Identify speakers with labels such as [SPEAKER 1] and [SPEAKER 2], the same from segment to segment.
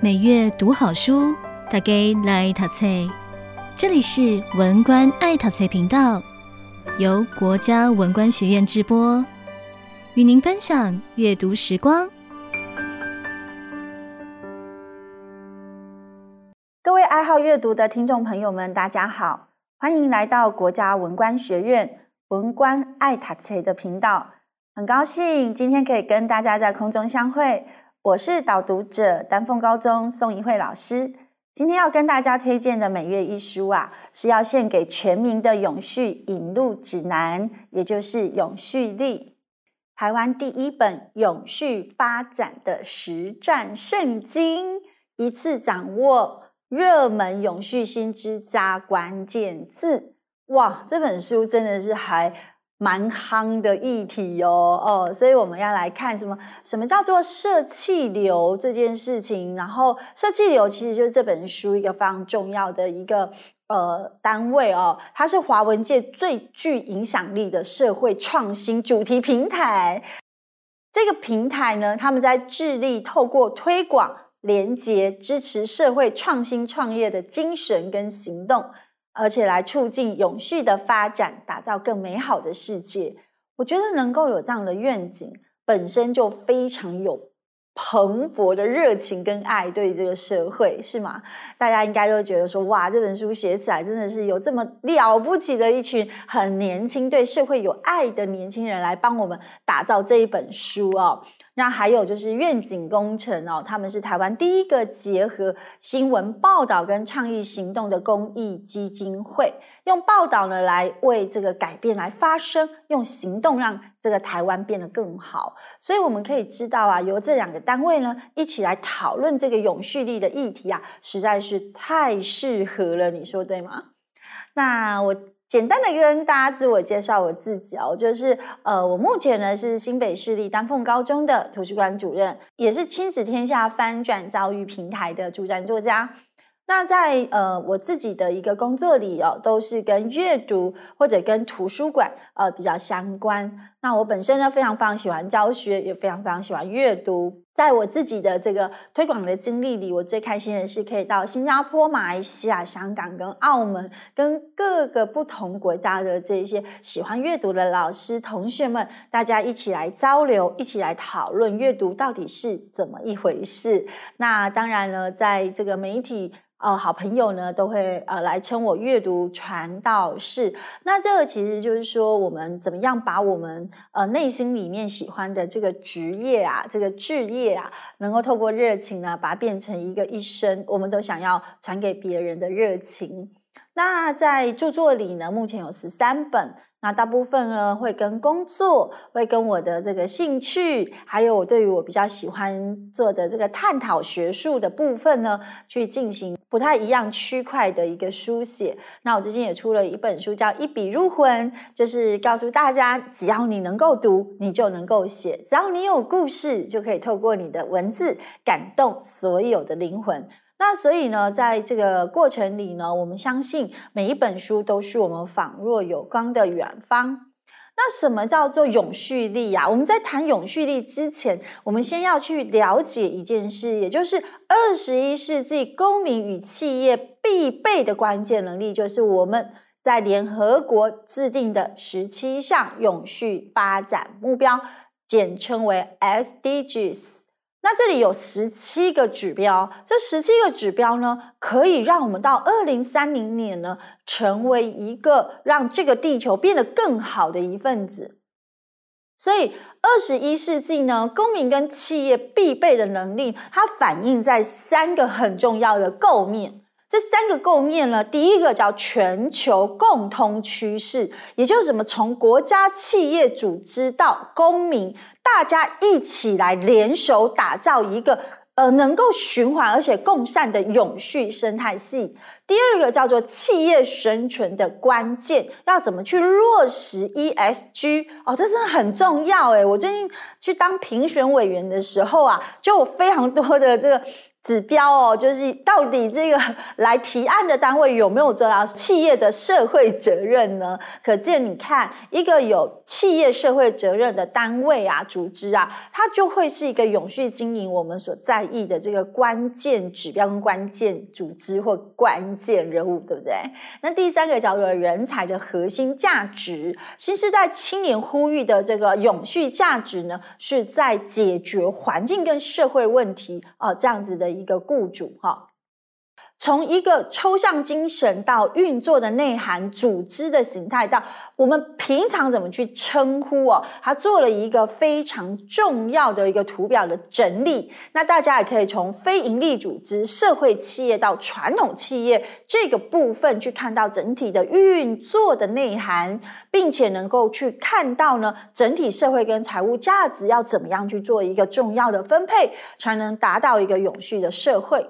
[SPEAKER 1] 每月讀好書，大家來讀冊。這裡是文官愛讀冊頻道，由國家文官學院直播，與您分享閱讀時光。各位愛好閱讀的聽眾朋友們，大家好，歡迎來到國家文官學院文官愛讀冊的頻道。很高興今天可以跟大家在空中相會。我是導讀者丹鳳高中宋怡慧老師，今天要跟大家推薦的每月一書啊，是要獻給全民的永續引路指南，也就是《永續力》，台灣第一本永續發展的實戰聖經，一次掌握熱門永續新知加關鍵字。哇，這本書真的是還蠻夯的議題哦，哦，所以我們要來看什麼？什麼叫做社企流這件事情？然後社企流其實就是這本書一個非常重要的一個呃單位哦，它是華文界最具影響力的社會創新主題平台。這個平台呢，他們在致力透過推廣、連結支持社會創新創業的精神跟行動。而且來促進永續的發展，打造更美好的世界。我覺得能夠有這樣的願景，本身就非常有蓬勃的熱情跟愛，對這個社會是嗎？大家應該都覺得說，哇，這本書寫起來真的是有這麼了不起的一群很年輕、對社會有愛的年輕人來幫我們打造這一本書哦。那還有就是願景工程哦，他們是台灣第一個結合新聞報道跟倡議行動的公益基金會，用報道呢來為這個改變來發聲，用行動讓這個台灣變得更好。所以我們可以知道啊，由這兩個單位呢一起來討論這個永續力的議題啊，實在是太適合了，你說對嗎？那我。簡單的跟大家自我介紹我自己哦，就是呃，我目前呢是新北市立丹鳳高中的圖書館主任，也是親子天下翻轉教育平台的駐站作家。那在呃我自己的一個工作裡哦，都是跟閱讀或者跟圖書館呃比較相關。那我本身呢，非常非常喜歡教學，也非常非常喜歡閱讀。在我自己的這個推廣的經歷裡，我最開心的是可以到新加坡、馬來西亞、香港跟澳門，跟各個不同國家的這些喜歡閱讀的老師、同學們，大家一起來交流，一起來討論閱讀到底是怎麼一回事。那當然呢，在這個媒體呃好朋友呢都會呃來稱我閱讀傳道士。那這個其實就是說，我們怎麼樣把我們呃，內心裡面喜歡的這個職業啊，這個職業啊，能夠透過熱情呢，把它變成一個一生我們都想要傳給別人的熱情。那在著作裡呢，目前有十三本。那大部分呢，會跟工作，會跟我的這個興趣，還有我對於我比較喜歡做的這個探討學術的部分呢，去進行不太一樣區塊的一個書寫。那我最近也出了一本書，叫《一筆入魂》，就是告訴大家，只要你能夠讀，你就能夠寫；只要你有故事，就可以透過你的文字感動所有的靈魂。那所以呢，在這個過程裡呢，我們相信每一本書都是我們仿若有光的遠方。那什麼叫做永續力呀、啊？我們在談永續力之前，我們先要去了解一件事，也就是二十一世紀公民與企業必備的關鍵能力，就是我們在聯合國制定的十七項永續發展目標，簡稱為 SDGs。那這裡有十七個指標，這十七個指標呢，可以讓我們到二零三零年呢，成為一個讓這個地球變得更好的一份子。所以，二十一世紀呢，公民跟企業必備的能力，它反映在三個很重要的構面。這三個構面呢，第一個叫全球共通趨勢，也就是什麼，從國家、企業、組織到公民，大家一起來聯手打造一個呃能夠循環而且共善的永續生態系。第二個叫做企業生存的關鍵，要怎麼去落實 ESG。哦，這真的很重要誒，我最近去當評選委員的時候啊，就有非常多的這個。指標哦，就是到底這個來提案的單位有沒有做到企業的社會責任呢？可見你看，一個有企業社會責任的單位啊、組織啊，它就會是一個永續經營我們所在意的這個關鍵指標跟關鍵組織或關鍵人物，對不對？那第三個叫做人才的核心價值，其實，在青年呼籲的這個永續價值呢，是在解決環境跟社會問題啊，哦，這樣子的。一個雇主，哈。從一個抽象精神到運作的內涵、組織的形態，到我們平常怎麼去稱呼哦、啊，它做了一個非常重要的一個圖表的整理。那大家也可以從非營利組織、社會企業到傳統企業這個部分去看到整體的運作的內涵，並且能夠去看到呢，整體社會跟財務價值要怎麼樣去做一個重要的分配，才能達到一個永續的社會。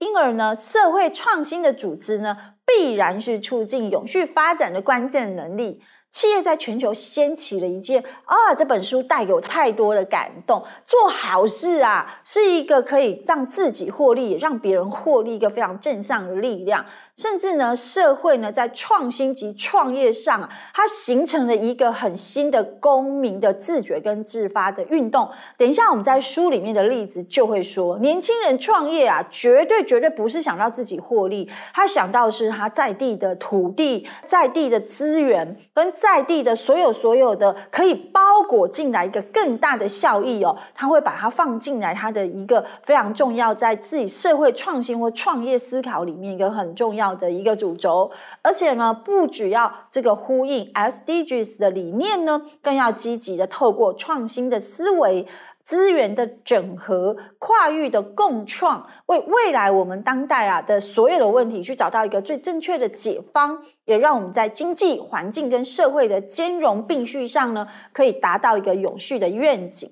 [SPEAKER 1] 因而呢，社會創新的組織呢，必然是促進永續發展的關鍵能力。企業在全球掀起了一件啊，這本書帶給我太多的感動。做好事啊，是一個可以讓自己獲利、也讓別人獲利一個非常正向的力量。甚至呢，社會呢，在創新及創業上啊，它形成了一個很新的公民的自覺跟自發的運動。等一下我們在書裡面的例子就會說，年輕人創業啊，絕對絕對不是想到自己獲利，他想到是他在地的土地，在地的資源，跟在地的所有所有的可以包裹進來一個更大的效益哦，他會把它放進來他的一個非常重要在自己社會創新或創業思考裡面一個很重要的一個主軸，而且呢，不只要這個呼應 SDGs 的理念呢，更要積極的透過創新的思維、資源的整合、跨域的共創，為未來我們當代啊的所有的問題去找到一個最正確的解方，也讓我們在經濟、環境跟社會的兼容並蓄上呢，可以達到一個永續的願景。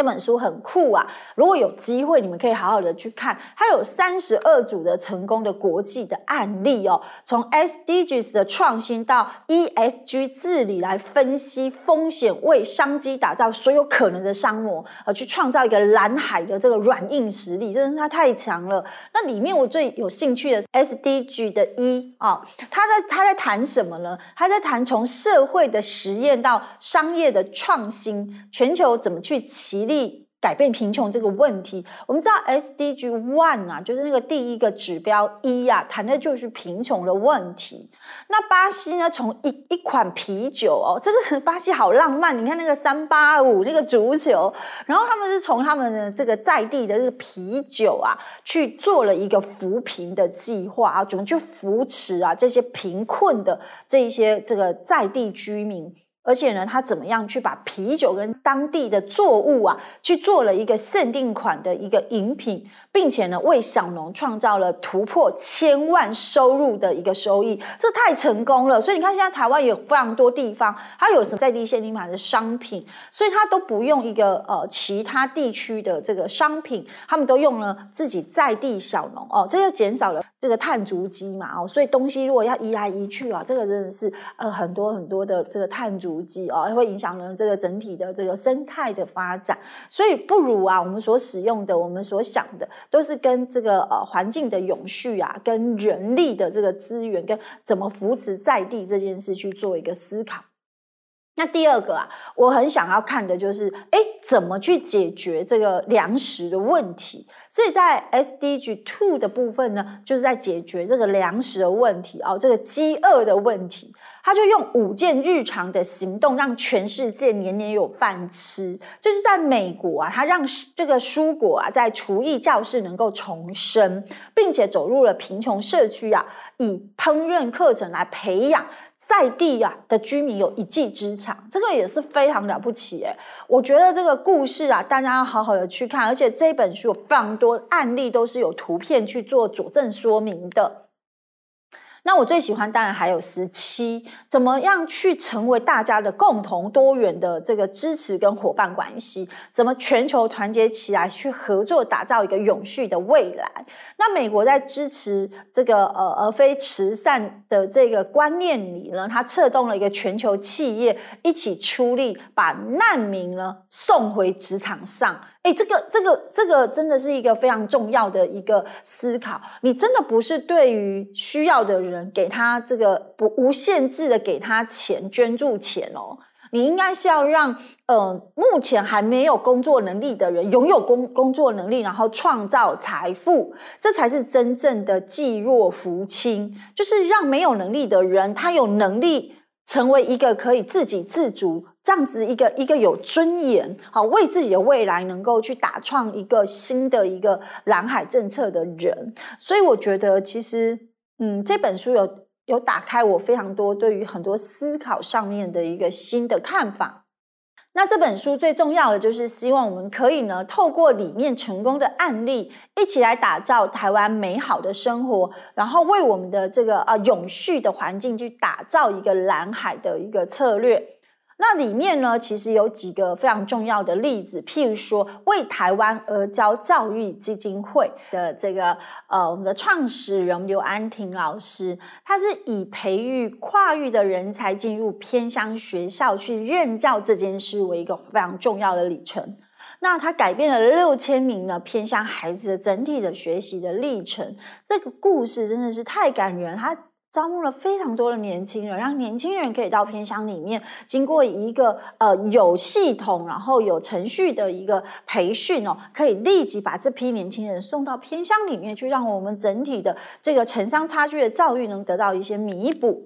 [SPEAKER 1] 這本書很酷啊！如果有機會，你們可以好好的去看。它有三十二組的成功的國際的案例哦，從 SDGs 的創新到 ESG 治理來分析風險，為商機打造所有可能的商模，而去創造一個藍海的這個軟硬實力，真是它太強了。那裡面我最有興趣的是 SDG 的一啊、哦，他在他在談什麼呢？他在談從社會的實驗到商業的創新，全球怎麼去啟。力改變貧窮這個問題，我們知道 SDG one 啊，就是那個第一個指標一啊，談的就是貧窮的問題。那巴西呢，從一一款啤酒哦，這個巴西好浪漫，你看那個三八五那個足球，然後他們是從他們的這個在地的這個啤酒啊，去做了一個扶貧的計劃啊，怎麼去扶持啊這些貧困的這一些這個在地居民。而且呢，他怎麼樣去把啤酒跟當地的作物啊去做了一個限定款的一個飲品，並且呢，為小農創造了突破千萬收入的一個收益，這太成功了。所以你看，現在台灣有非常多地方，它有什麼在地限定款的商品，所以它都不用一個呃其他地區的這個商品，他們都用了自己在地小農哦，這又減少了這個碳足跡嘛哦，所以東西如果要移來移去啊，這個真的是呃很多很多的這個碳足。足跡哦，也會影響了這個整體的這個生態的發展，所以不如啊，我們所使用的、我們所想的，都是跟這個呃、啊、環境的永續啊，跟人力的這個資源，跟怎麼扶持在地這件事去做一個思考。那第二個啊，我很想要看的就是，誒，怎麼去解決這個糧食的問題？所以在 SDG Two 的部分呢，就是在解決這個糧食的問題哦、啊，這個飢餓的問題。他就用五件日常的行動，讓全世界年年有飯吃。就是在美國啊，他讓這個蔬果啊，在廚藝教室能夠重生，並且走入了貧窮社區啊，以烹飪課程來培養在地啊的居民有一技之長。這個也是非常了不起誒、欸、我覺得這個故事啊，大家要好好的去看。而且這本書有非常多案例，都是有圖片去做佐證說明的。那我最喜歡，當然還有十七，怎麼樣去成為大家的共同多元的這個支持跟夥伴關係？怎麼全球團結起來去合作，打造一個永續的未來？那美國在支持這個呃，而非慈善的這個觀念裡呢，它策動了一個全球企業一起出力，把難民呢送回職場上。哎、欸，這個、這個、這個真的是一個非常重要的一個思考。你真的不是對於需要的人給他這個不無限制的給他錢捐助錢哦，你應該是要讓呃目前還沒有工作能力的人擁有工工作能力，然後創造財富，這才是真正的濟弱扶傾，就是讓沒有能力的人他有能力。成為一個可以自給自足，這樣子一個一個有尊嚴，好，為自己的未來能夠去打創一個新的一個藍海政策的人，所以我覺得其實，嗯，這本書有，有打開我非常多對於很多思考上面的一個新的看法。那這本書最重要的就是希望我們可以呢，透過裡面成功的案例，一起來打造台灣美好的生活，然後為我們的這個啊永續的環境去打造一個藍海的一個策略。那裡面呢，其實有幾個非常重要的例子，譬如說，為台灣而教教育基金會的這個呃，我們的創始人劉安婷老師，他是以培育跨域的人才進入偏鄉學校去任教這件事為一個非常重要的里程。那他改變了六千名呢偏鄉孩子的整體的學習的歷程，這個故事真的是太感人。他。招募了非常多的年輕人，讓年輕人可以到偏鄉裡面，經過一個呃有系統、然後有程序的一個培訓哦，可以立即把這批年輕人送到偏鄉裡面去，讓我們整體的這個城鄉差距的教育能得到一些彌補。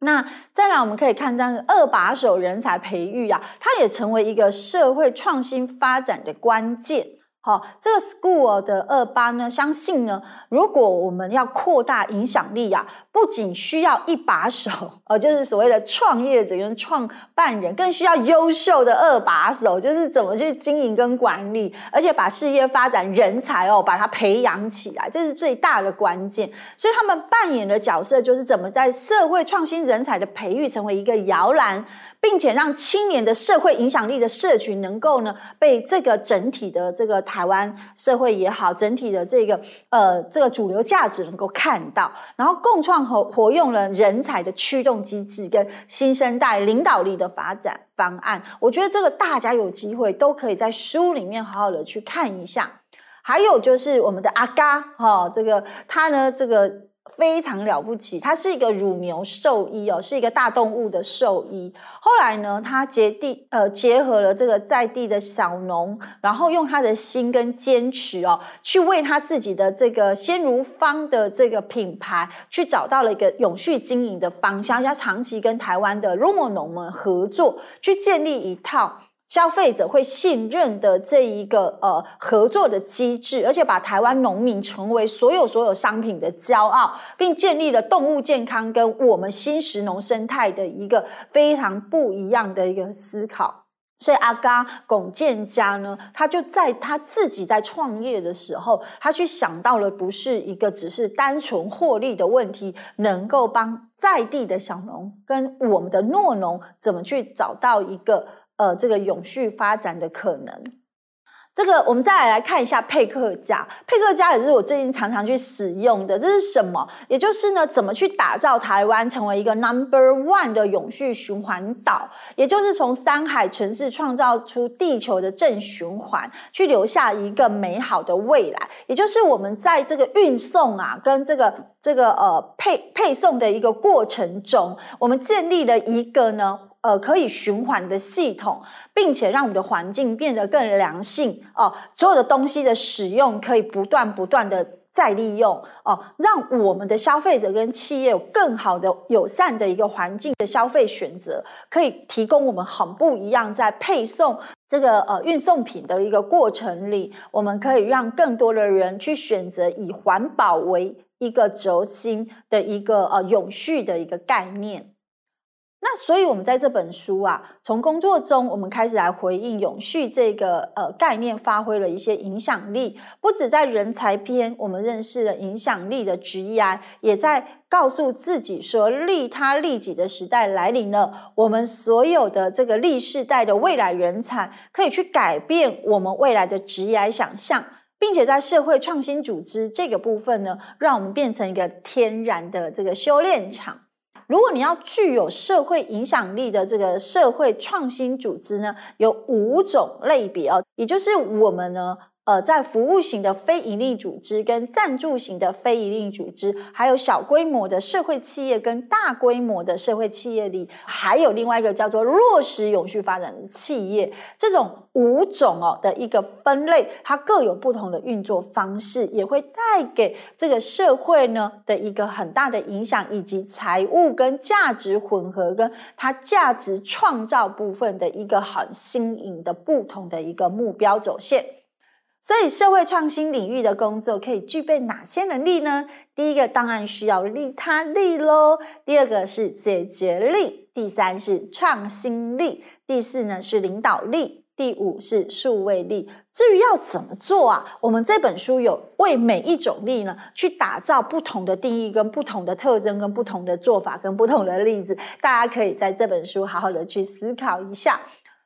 [SPEAKER 1] 那再來，我們可以看到二把手人才培育啊，它也成為一個社會創新發展的關鍵。好、哦，這個 school 的二八呢，相信呢，如果我們要擴大影響力啊。不僅需要一把手，呃，就是所謂的創業者跟創辦人，更需要優秀的二把手，就是怎麼去經營跟管理，而且把事業發展人才哦，把它培養起來，這是最大的關鍵。所以他們扮演的角色就是怎麼在社會創新人才的培育成為一個搖籃，並且讓青年的社會影響力的社群能夠呢，被這個整體的這個台灣社會也好，整體的這個，呃，這個主流價值能夠看到，然後共創。活用了人才的驅動機制跟新生代領導力的發展方案，我覺得這個大家有機會都可以在書裡面好好的去看一下。還有就是我們的阿嘎哈，這個他呢，這個。非常了不起，他是一個乳牛獸醫哦，是一個大動物的獸醫。後來呢，他結地呃結合了這個在地的小農，然後用他的心跟堅持哦，去為他自己的這個鮮乳坊的這個品牌，去找到了一個永續經營的方向。他長期跟台灣的酪農們合作，去建立一套。消費者會信任的這一個呃合作的機制，而且把台灣農民成為所有所有商品的驕傲，並建立了動物健康跟我們新食農生態的一個非常不一樣的一個思考。所以阿嘉、龔建嘉呢，他就在他自己在創業的時候，他去想到了不是一個只是單純獲利的問題，能夠幫在地的小農跟我們的酪農怎麼去找到一個。呃，這個永續發展的可能，這個我們再來來看一下配客家。配客家也是我最近常常去使用的。這是什麼？也就是呢，怎麼去打造台灣成為一個 Number One 的永續循環島？也就是從山海城市創造出地球的正循環，去留下一個美好的未來。也就是我們在這個運送啊，跟這個這個呃配配送的一個過程中，我們建立了一個呢。呃，可以循環的系統，並且讓我們的環境變得更良性哦、呃。所有的東西的使用可以不斷不斷的再利用哦、呃，讓我們的消費者跟企業有更好的友善的一個環境的消費選擇，可以提供我們很不一樣，在配送這個呃運送品的一個過程裡，我們可以讓更多的人去選擇以環保為一個軸心的一個呃永續的一個概念。那所以，我們在這本書啊，從工作中我們開始來回應“永續”這個呃概念，發揮了一些影響力。不止在人才篇，我們認識了影響力的職涯，也在告訴自己說，利他利己的時代來臨了。我們所有的這個利世代的未來人才，可以去改變我們未來的職涯想象，並且在社會創新組織這個部分呢，讓我們變成一個天然的這個修煉場。如果你要具有社會影響力的這個社會創新組織呢，有五種類別哦，也就是我們呢。呃，在服務型的非營利組織、跟贊助型的非營利組織，還有小規模的社會企業跟大規模的社會企業裡，還有另外一個叫做落實永續發展的企業，這種五種哦、喔、的一個分類，它各有不同的運作方式，也會帶給這個社會呢的一個很大的影響，以及財務跟價值混合，跟它價值創造部分的一個很新穎的不同的一個目標走線。所以，社會創新領域的工作可以具備哪些能力呢？第一個，當然需要利他力嘍；第二個是解決力；第三是創新力；第四呢是領導力；第五是數位力。至於要怎麼做啊？我們這本書有為每一種力呢，去打造不同的定義、跟不同的特徵、跟不同的做法、跟不同的例子。大家可以在這本書好好的去思考一下。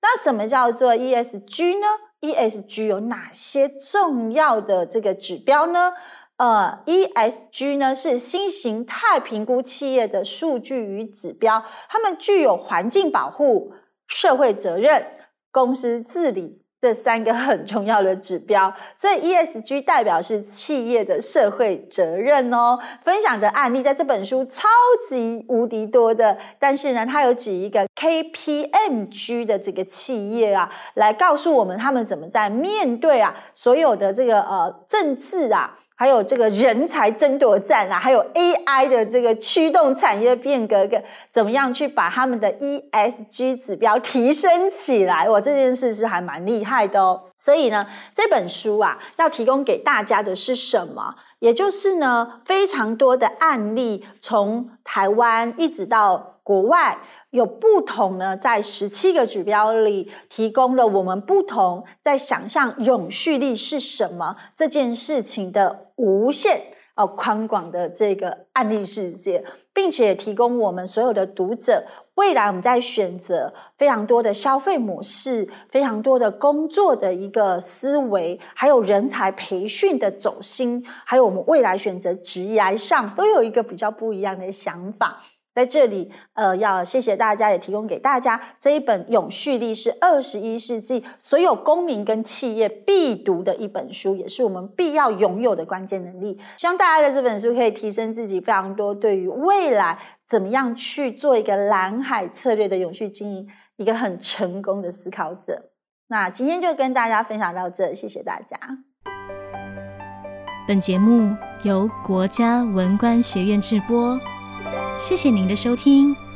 [SPEAKER 1] 那什麼叫做 ESG 呢？ESG 有哪些重要的這個指標呢？呃、uh，ESG 呢是新型態評估企業的數據與指標，它們具有環境保護、社會責任、公司治理。這三個很重要的指標，所以 ESG 代表是企業的社會責任哦。分享的案例在這本書超級無敵多的，但是呢，它有舉一個 KPMG 的這個企業啊，來告訴我們他們怎麼在面對啊，所有的這個呃政治啊。還有這個人才爭奪戰啊，還有 AI 的這個驅動產業變革，跟怎麼樣去把他們的 ESG 指標提升起來？哇，這件事是還蠻厲害的哦。所以呢，這本書啊，要提供給大家的是什麼？也就是呢，非常多的案例，從台灣一直到國外。有不同呢，在十七個指標裡提供了我們不同在想象永續力是什麼這件事情的無限啊寬廣的這個案例世界，並且也提供我們所有的讀者，未來我們在選擇非常多的消費模式、非常多的工作的一個思維，還有人才培訓的走心，還有我們未來選擇職業上都有一個比較不一樣的想法。在這裡，呃，要謝謝大家也提供給大家這一本《永續力》，是二十一世紀所有公民跟企業必讀的一本書，也是我們必要擁有的關鍵能力。希望大家的這本書可以提升自己非常多，對於未來怎麼樣去做一個藍海策略的永續經營，一個很成功的思考者。那今天就跟大家分享到這，謝謝大家。本節目由國家文官學院制播。謝謝您的收聽。